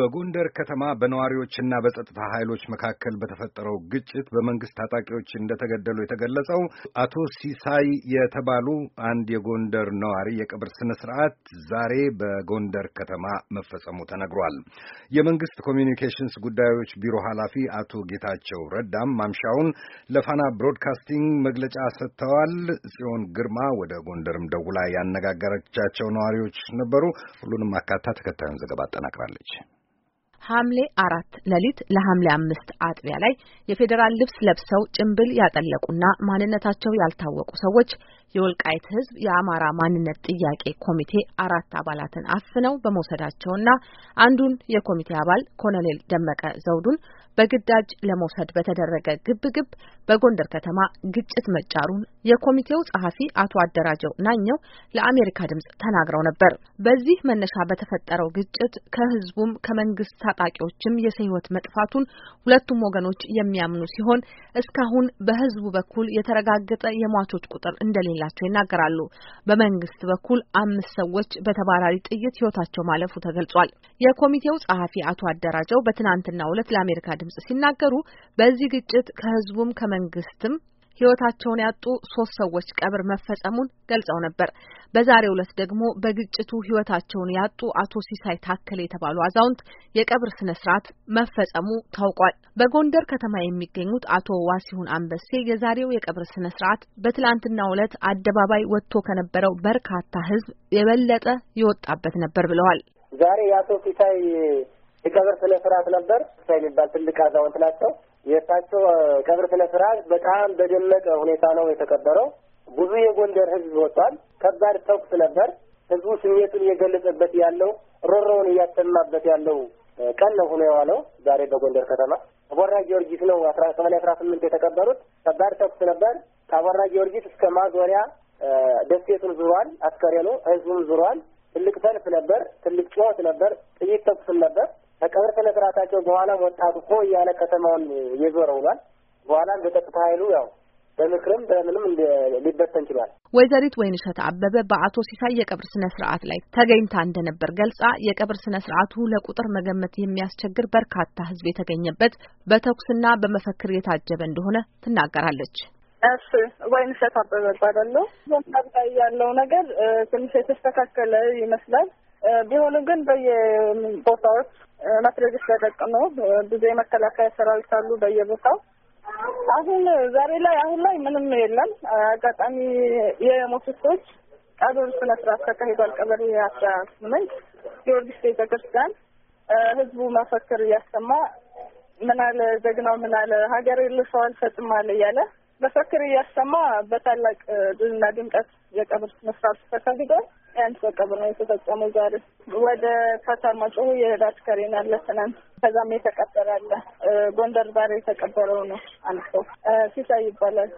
በጎንደር ከተማ በነዋሪዎችና በጸጥታ ኃይሎች መካከል በተፈጠረው ግጭት በመንግስት ታጣቂዎች እንደተገደሉ የተገለጸው አቶ ሲሳይ የተባሉ አንድ የጎንደር ነዋሪ የቅብር ስነ ስርዓት ዛሬ በጎንደር ከተማ መፈጸሙ ተነግሯል። የመንግስት ኮሚኒኬሽንስ ጉዳዮች ቢሮ ኃላፊ አቶ ጌታቸው ረዳም ማምሻውን ለፋና ብሮድካስቲንግ መግለጫ ሰጥተዋል። ጽዮን ግርማ ወደ ጎንደርም ደውላ ያነጋገረቻቸው ነዋሪዎች ነበሩ። ሁሉንም አካታ ተከታዩን ዘገባ አጠናቅራለች። ሐምሌ አራት ሌሊት ለሐምሌ አምስት አጥቢያ ላይ የፌዴራል ልብስ ለብሰው ጭንብል ያጠለቁና ማንነታቸው ያልታወቁ ሰዎች የወልቃይት ህዝብ የአማራ ማንነት ጥያቄ ኮሚቴ አራት አባላትን አፍነው በመውሰዳቸውና አንዱን የኮሚቴ አባል ኮሎኔል ደመቀ ዘውዱን በግዳጅ ለመውሰድ በተደረገ ግብግብ በጎንደር ከተማ ግጭት መጫሩን የኮሚቴው ጸሐፊ አቶ አደራጀው ናኘው ለአሜሪካ ድምጽ ተናግረው ነበር። በዚህ መነሻ በተፈጠረው ግጭት ከህዝቡም ከመንግስት ታጣቂዎችም የሰው ህይወት መጥፋቱን ሁለቱም ወገኖች የሚያምኑ ሲሆን እስካሁን በህዝቡ በኩል የተረጋገጠ የሟቾች ቁጥር እንደሌለ እንደሌላቸው ይናገራሉ። በመንግስት በኩል አምስት ሰዎች በተባራሪ ጥይት ህይወታቸው ማለፉ ተገልጿል። የኮሚቴው ጸሐፊ አቶ አደራጀው በትናንትናው ዕለት ለአሜሪካ ድምጽ ሲናገሩ በዚህ ግጭት ከህዝቡም ከመንግስትም ሕይወታቸውን ያጡ ሶስት ሰዎች ቀብር መፈጸሙን ገልጸው ነበር። በዛሬው ዕለት ደግሞ በግጭቱ ሕይወታቸውን ያጡ አቶ ሲሳይ ታከለ የተባሉ አዛውንት የቀብር ስነ ስርዓት መፈጸሙ ታውቋል። በጎንደር ከተማ የሚገኙት አቶ ዋሲሁን አንበሴ የዛሬው የቀብር ስነ ስርዓት በትላንትናው ዕለት አደባባይ ወጥቶ ከነበረው በርካታ ሕዝብ የበለጠ ይወጣበት ነበር ብለዋል። ዛሬ የአቶ ሲሳይ የቀብር ስነ ስርዓት ነበር። ሲሳይ የሚባል ትልቅ አዛውንት ናቸው። የእሳቸው ቀብር ስነ ስርዓት በጣም በደመቀ ሁኔታ ነው የተቀበረው ብዙ የጎንደር ህዝብ ወጥቷል። ከባድ ተኩስ ነበር። ህዝቡ ስሜቱን እየገለጸበት ያለው ሮሮውን እያሰማበት ያለው ቀን ነው ሆኖ የዋለው ዛሬ በጎንደር ከተማ። አቦራ ጊዮርጊስ ነው ቀበሌ አስራ ስምንት የተቀበሩት። ከባድ ተኩስ ነበር። ከአቦራ ጊዮርጊስ እስከ ማዞሪያ ደሴቱን ዙሯል። አስከሬኑ ህዝቡም ዙሯል። ትልቅ ሰልፍ ነበር። ትልቅ ጩኸት ነበር። ጥይት ተኩስም ነበር። ከቀብር ስነ ስርዓታቸው በኋላም ወጣቱ ሆ እያለ ከተማውን እየዞረ ውሏል። በኋላም በጸጥታ ኃይሉ ያው በምክርም በምንም ሊበተን ችሏል። ወይዘሪት ወይንሸት አበበ በአቶ ሲሳይ የቀብር ስነ ስርዓት ላይ ተገኝታ እንደነበር ገልጻ የቀብር ስነ ስርዓቱ ለቁጥር መገመት የሚያስቸግር በርካታ ህዝብ የተገኘበት በተኩስና በመፈክር የታጀበ እንደሆነ ትናገራለች። እሺ ወይንሸት አበበ እባላለሁ። ላይ ያለው ነገር ትንሽ የተስተካከለ ይመስላል። ቢሆንም ግን በየቦታዎች መትረየስ ተጠቅመው ብዙ የመከላከያ ሰራዊት አሉ በየቦታው። አሁን ዛሬ ላይ አሁን ላይ ምንም የለም። አጋጣሚ የሞቱ ሰዎች ቀብር ስነ ስርዓት ተካሂዷል። ቀበሌ አስራ ስምንት ጊዮርጊስ ቤተክርስቲያን ህዝቡ መፈክር እያሰማ ምናለ ጀግናው ምናለ ሀገር ልሰዋል ፈጽማል እያለ መፈክር እያሰማ በታላቅ ድልና ድምቀት የቀብር ስነስርዓት ተካሂዷል። ያንስ በቀብር ነው የተፈጸመው። ዛሬ ወደ ፈተር ጮሁ የሄደ አስከሬን አለ ትናንት። ከዛም የተቀበረ አለ። ጎንደር ዛሬ የተቀበረው ነው አልፎ ሲሳይ ይባላል።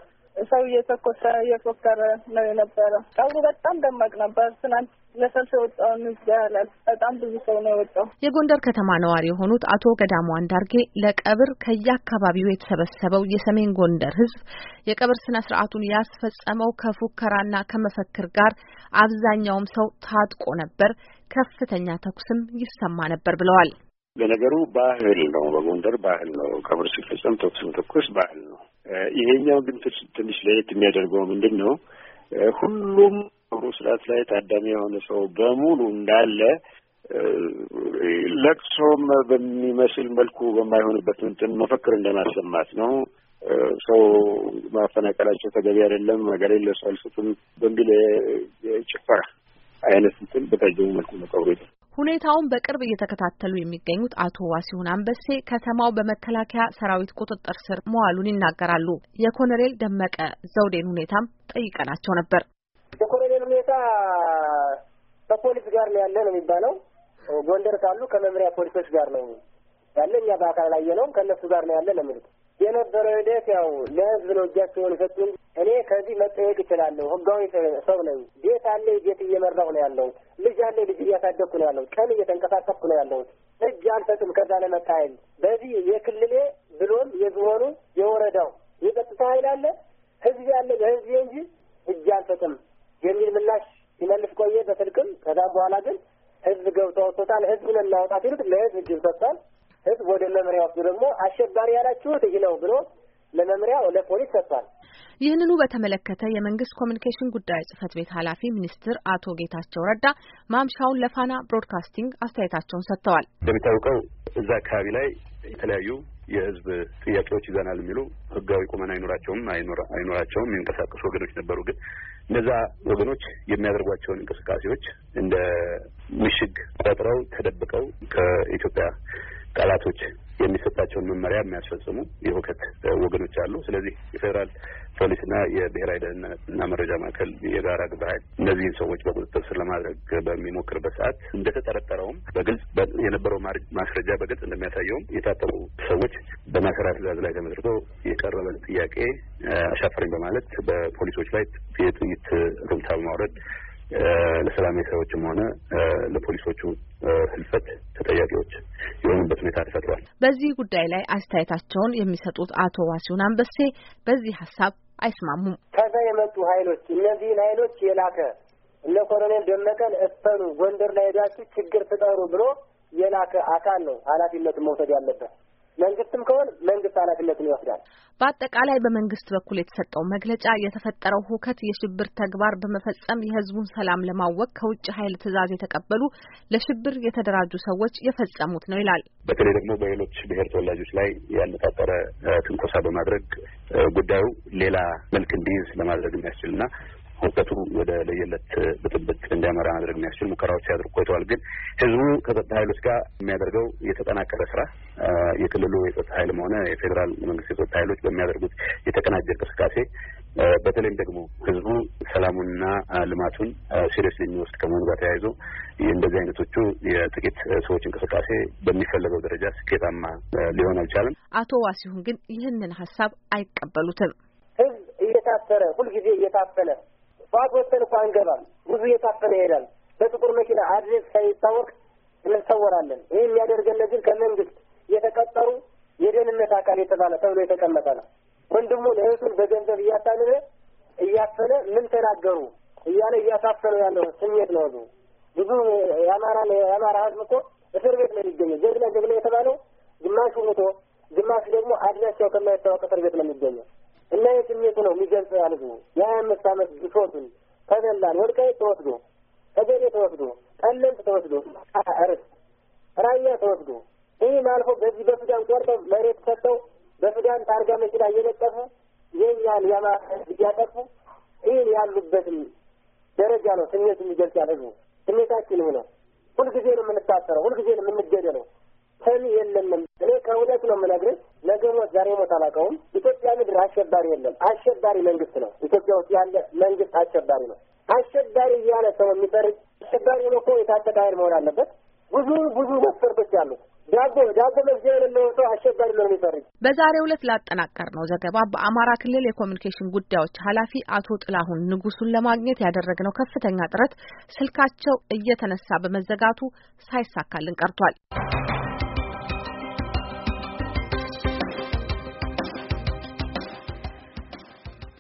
ሰው እየተኮሰ እየፎከረ ነው የነበረ። ቀብሩ በጣም ደማቅ ነበር ትናንት ለሰልፍ የወጣውን ህዝብ ያህላል። በጣም ብዙ ሰው ነው የወጣው። የጎንደር ከተማ ነዋሪ የሆኑት አቶ ገዳሙ አንዳርጌ ለቀብር ከየአካባቢው የተሰበሰበው የሰሜን ጎንደር ህዝብ የቀብር ስነ ስርዓቱን ያስፈጸመው ከፉከራና ከመፈክር ጋር አብዛኛውም ሰው ታጥቆ ነበር። ከፍተኛ ተኩስም ይሰማ ነበር ብለዋል። ለነገሩ ባህል ነው፣ በጎንደር ባህል ነው። ቀብር ሲፈጸም ተኩስም ተኩስ ባህል ነው። ይሄኛው ግን ትንሽ ለየት የሚያደርገው ምንድን ነው? ሁሉም ጥሩ ስርዓት ላይ ታዳሚ የሆነ ሰው በሙሉ እንዳለ ለቅሶም በሚመስል መልኩ በማይሆንበት እንትን መፈክር እንደማሰማት ነው። ሰው ማፈናቀላቸው ተገቢ አይደለም፣ ሀገሬን ለሰው አልሰጥም በሚል ጭፈራ አይነት ምትን በታጀቡ መልኩ መቀብሩ ሁኔታውን በቅርብ እየተከታተሉ የሚገኙት አቶ ዋሲሁን አንበሴ ከተማው በመከላከያ ሰራዊት ቁጥጥር ስር መዋሉን ይናገራሉ። የኮሎኔል ደመቀ ዘውዴን ሁኔታም ጠይቀናቸው ነበር። ሁኔታ ከፖሊስ ጋር ነው ያለ ነው የሚባለው። ጎንደር ካሉ ከመምሪያ ፖሊሶች ጋር ነው ያለ። እኛ በአካል አላየነውም። ከእነሱ ጋር ነው ያለ ነው የሚሉት። የነበረው ሂደት ያው ለህዝብ ነው እጃቸውን የሰጡ እንጂ እኔ ከዚህ መጠየቅ እችላለሁ። ህጋዊ ሰው ነኝ። ቤት አለ፣ ቤት እየመራሁ ነው ያለሁት። ልጅ አለ፣ ልጅ እያሳደግኩ ነው ያለሁት። ቀን እየተንቀሳቀስኩ ነው ያለሁት። እጅ አልሰጥም። ከዛ ለመጣ ኃይል በዚህ የክልሌ ብሎም የዝሆኑ የወረዳው የጸጥታ ኃይል አለ፣ ህዝብ ያለ በህዝብ እንጂ እጅ አልሰጥም የሚል ምላሽ ሲመልስ ቆየ በስልክም። ከዛ በኋላ ግን ህዝብ ገብቶ ወጥቶታል። ህዝቡን እናወጣ ሲሉት ለህዝብ እጅብ ሰጥቷል። ህዝብ ወደ መምሪያ ወስዱ ደግሞ አሸባሪ ያላችሁት ይህ ነው ብሎ ለመምሪያ ለፖሊስ ሰጥቷል። ይህንኑ በተመለከተ የመንግስት ኮሚኒኬሽን ጉዳይ ጽህፈት ቤት ኃላፊ ሚኒስትር አቶ ጌታቸው ረዳ ማምሻውን ለፋና ብሮድካስቲንግ አስተያየታቸውን ሰጥተዋል። እንደሚታወቀው እዛ አካባቢ ላይ የተለያዩ የህዝብ ጥያቄዎች ይዘናል የሚሉ ህጋዊ ቁመን አይኖራቸውም አይኖራቸውም የሚንቀሳቀሱ ወገኖች ነበሩ። ግን እነዛ ወገኖች የሚያደርጓቸውን እንቅስቃሴዎች እንደ ምሽግ ቆጥረው ተደብቀው ከኢትዮጵያ ቃላቶች የሚሰጣቸውን መመሪያ የሚያስፈጽሙ የሁከት ወገኖች አሉ። ስለዚህ የፌዴራል ፖሊስና የብሔራዊ ደህንነትና መረጃ ማዕከል የጋራ ግብረ ኃይል እነዚህን ሰዎች በቁጥጥር ስር ለማድረግ በሚሞክርበት ሰዓት እንደተጠረጠረውም በግልጽ የነበረው ማስረጃ በግልጽ እንደሚያሳየውም የታጠቁ ሰዎች በማሰራ ትእዛዝ ላይ ተመስርቶ የቀረበን ጥያቄ አሻፈረኝ በማለት በፖሊሶች ላይ የጥይት ሩምታ በማውረድ ለሰላማዊ ሰዎችም ሆነ ለፖሊሶቹ ህልፈት ተጠያቂዎች የሆኑበት ሁኔታ ተፈጥሯል። በዚህ ጉዳይ ላይ አስተያየታቸውን የሚሰጡት አቶ ዋሲሁን አንበሴ በዚህ ሀሳብ አይስማሙም። ከዛ የመጡ ሀይሎች እነዚህን ሀይሎች የላከ እነ ኮሎኔል ደመቀን እፈኑ፣ ጎንደር ላይ ሄዳችሁ ችግር ፍጠሩ ብሎ የላከ አካል ነው ኃላፊነቱን መውሰድ ያለበት። መንግስትም ከሆነ መንግስት ኃላፊነቱን ይወስዳል። በአጠቃላይ በመንግስት በኩል የተሰጠው መግለጫ የተፈጠረው ሁከት የሽብር ተግባር በመፈጸም የህዝቡን ሰላም ለማወቅ ከውጭ ኃይል ትዕዛዝ የተቀበሉ ለሽብር የተደራጁ ሰዎች የፈጸሙት ነው ይላል። በተለይ ደግሞ በሌሎች ብሔር ተወላጆች ላይ ያነጣጠረ ትንኮሳ በማድረግ ጉዳዩ ሌላ መልክ እንዲይዝ ለማድረግ የሚያስችል እና ሁከቱ ወደ ለየለት ብጥብጥ እንዲያመራ ማድረግ የሚያስችል ሙከራዎች ሲያደርጉ ቆይተዋል። ግን ህዝቡ ከጸጥታ ኃይሎች ጋር የሚያደርገው የተጠናከረ ስራ የክልሉ የጸጥታ ኃይልም ሆነ የፌዴራል መንግስት የጸጥታ ኃይሎች በሚያደርጉት የተቀናጀ እንቅስቃሴ በተለይም ደግሞ ህዝቡ ሰላሙንና ልማቱን ሲሪየስ የሚወስድ ከመሆኑ ጋር ተያይዞ እንደዚህ አይነቶቹ የጥቂት ሰዎች እንቅስቃሴ በሚፈለገው ደረጃ ስኬታማ ሊሆን አልቻለም። አቶ ዋሲሁን ግን ይህንን ሀሳብ አይቀበሉትም። ህዝብ እየታፈረ ሁልጊዜ እየታፈለ ጠዋት ወጥተን እኮ አንገባም። ብዙ እየታፈነ ይሄዳል። በጥቁር መኪና አድሬስ ሳይታወቅ እንሰወራለን። ይህ የሚያደርገን ግን ከመንግስት የተቀጠሩ የደህንነት አካል የተባለ ተብሎ የተቀመጠ ነው። ወንድሙን እህቱን በገንዘብ እያታለለ እያፈነ ምን ተናገሩ እያለ እያሳፈነ ያለው ስሜት ነው። ብዙ የአማራ የአማራ ህዝብ እኮ እስር ቤት ነው የሚገኘው። ጀግና ጀግና የተባለው ግማሹ ሙቶ፣ ግማሹ ደግሞ አድራሻው ከማይታወቅ እስር ቤት ነው የሚገኘው። እና የስሜቱ ነው የሚገልጸው ያሉት ነው። የሀያ አምስት ዓመት ግፎቱን ተበላን። ወልቃይት ተወስዶ፣ ተገዴ ተወስዶ፣ ጠለምት ተወስዶ፣ እርስ ራያ ተወስዶ ይህ ማልፎ በዚህ በሱዳን ቆርጦ መሬት ሰጠው በሱዳን ታርጋ መኪና እየለጠፉ የኛን የአማራ እያጠፉ ይህን ያሉበትም ደረጃ ነው ስሜቱ የሚገልጽ ያለ ህዝቡ ስሜታችን ይህ ሁልጊዜ ነው የምንታሰረው፣ ሁልጊዜ ነው የምንገደለው። ሰሚ የለንም። እኔ ከእውነት ነው የምነግርህ። ነገ ሞት ዛሬ ሞት አላውቀውም። ኢትዮጵያ ምድር አሸባሪ የለም። አሸባሪ መንግስት ነው። ኢትዮጵያ ውስጥ ያለ መንግስት አሸባሪ ነው። አሸባሪ እያለ ሰው የሚፈርጅ አሸባሪ ነው እኮ የታጠቀ ኃይል መሆን አለበት። ብዙ ብዙ መስፈርቶች አሉት። ዳቦ ዳቦ መግቢያ የሌለው ሰው አሸባሪ ነው የሚፈርጅ። በዛሬው ዕለት ላጠናቀር ነው ዘገባ በአማራ ክልል የኮሚኒኬሽን ጉዳዮች ኃላፊ አቶ ጥላሁን ንጉሱን ለማግኘት ያደረግነው ከፍተኛ ጥረት ስልካቸው እየተነሳ በመዘጋቱ ሳይሳካልን ቀርቷል።